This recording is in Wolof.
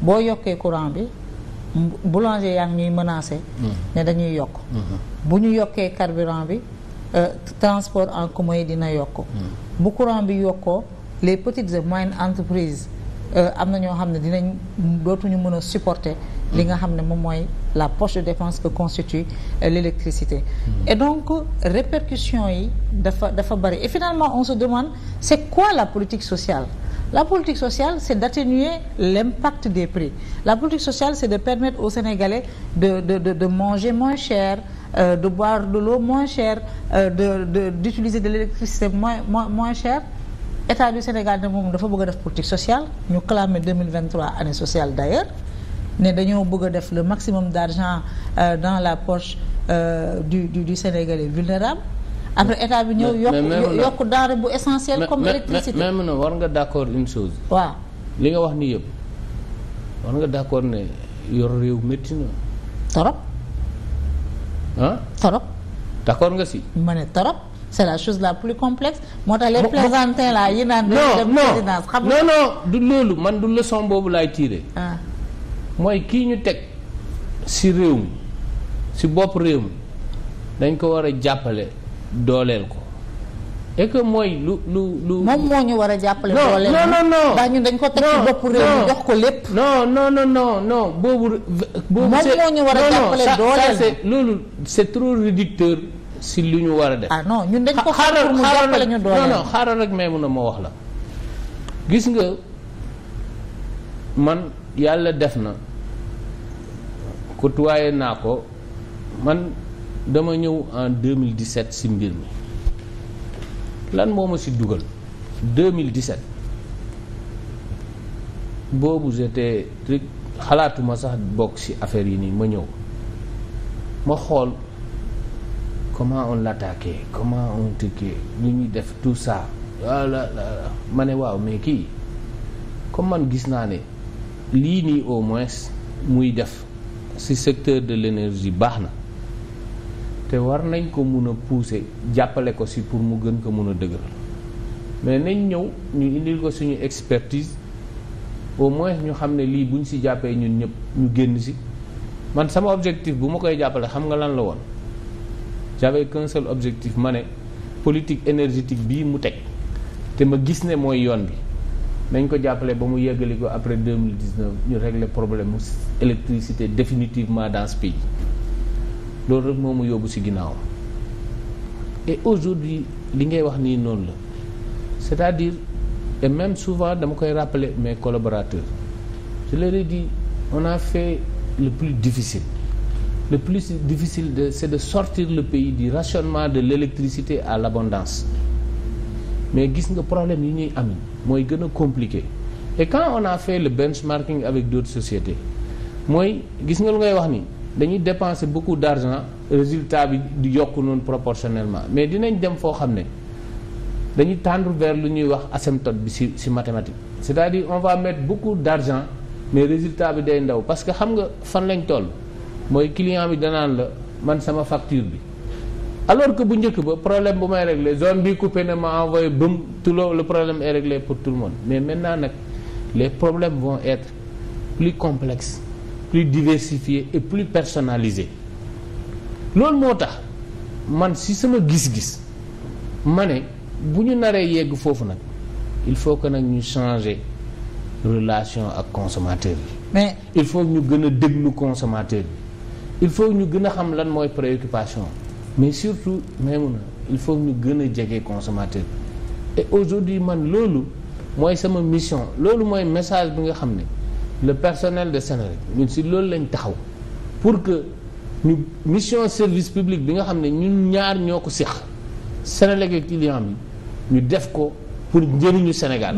boo yokkee courant bi boulanger yaa ngi ñuy menacé. Mm-hmm. ne dañuy yokk. Mm-hmm. bu ñu yokkee carburant bi euh, transport en commun yi dina yokk. Mm-hmm. bu courant bi yokkoo les petites et moyennes entreprises euh, am na ñoo xam ne dinañ dootuñu mën a supporter. li nga xam ne moom mooy la poche de dépense que constitue euh, l'électricité et donc répercussions yi dafa dafa bari et finalement on se demande c'est quoi la politique sociale La politique sociale, c'est d'atténuer l'impact des prix. La politique sociale, c'est de permettre au Sénégalais de, de, de, de manger moins cher, euh, de boire de l'eau moins chère, euh, d'utiliser de, l'électricité moins, moins, moins chère. État du Sénégal ne moom dafa bëgg def politique sociale ñu clamé 2023 année sociale d'ailleurs ne dañoo bëgg a def le maximum d'argent euh, dans la poche euh, du, du, du Sénégalais vulnérable après état bi ñëw yokk yokk denrée bu essentiel comme électricité même na war nga d'accord une chose waaw li nga wax ni yëpp war nga d'accord ne yor réew métti na torop ah torop d'accord nga si ma ne torop c'est la chose la plus complexe moo tax les plaisantins là yi naan dem présidence xam non non du loolu man du leçon boobu laay tirer ah. mooy kii ñu teg si réew mi si bopp réew mi dañ ko war a jàppale dooleel ko et mooy lu lu lu. moom moo ñu war a jàppale. dooleel non non non ndax ñun dañ ko teg ci ko lépp. non non non boobu. moom moo ñu war a jàppale dooleel loolu c'est trop réducteur si lu ñu war a def. ah non ñun dañ ko xaaral mu jàppale ñu dooleel non non may mun a ma wax la gis nga man yàlla def na côtoyé naa ko man. dama ñëw en 2017 si mbir mi lan moo ma si dugal 2017 boobu j'étais rek xalaatuma sax bokk si affaire yi nii ma ñëw ma xool comment on l'attaquait comment on tëkkee lu ñuy def tout ça wala ah ma ne waaw mais kii comme man gis naa ne lii nii au moins muy def si secteur de l'énergie baax na te war nañ ko mun a pousser jàppale ko si pour mu gën ko mun a dëgëral mais nañ ñëw ñu indil ko suñu expertise au moins ñu xam ne lii buñ si jàppee ñun ñëpp ñu génn si man sama objectif bu ma koy jàppale xam nga lan la woon j'avais qu'un seul objectif ma ne politique énergétique bii mu teg te ma gis ne mooy yoon bi nañ ko jàppale ba mu yeggali ko après 2019 ñu régler problème mu électricité définitivement dans ce pays loolu rek moo ma yóbbu ci ginnaaw et aujourd'hui li ngay wax nii noonu la c'est-à-dire et même souvent dama koy rappeler mes collaborateurs je leur ai dit fait le plus difficile le plus difficile de c'est de sortir le pays di rationnement de l'électricité à l'abondance mais gis nga problème yi ñuy am mooy gën a compliqué et quand on a fait le benchmarking avec d'autres sociétés mooy gis nga lu ngay wax nii dañuy dépenser beaucoup d' argent résultat bi di yokk noonu proportionnellement mais dinañ dem foo xam ne dañuy tendre vers lu ñuy wax asymptote bi si si mathématique c' à dire on va mettre beaucoup d' argent mais résultat bi day ndaw parce que xam nga fan lañ toll mooy client bi danaan la man sama facture bi alors que bu njëkk ba problème bu may réglé zone bi coupé na ma envoyé bëm tuloo le problème est pour tout le monde mais maintenant nag les problèmes vont être plus complexes plus diversifié et plus personnalisé loolu moo tax man si sama gis-gis ma ne bu ñu naree yegg foofu nag il faut que nag ñu changer relation ak consommateur bi. il faut ñu gën a déglu consommateur il faut ñu gën a xam lan mooy préoccupation mais surtout même il faut ñu gën a jege consommateur bi et aujourd'hui man loolu mooy sama mission loolu mooy message bi nga xam ne. le personnel de Sénélec ñun si loolu lañ taxaw pour que ñu mission service public bi nga xam ne ñun ñaar ñoo ko seq Sénélec ak client bi ñu def ko pour njëriñu Sénégal.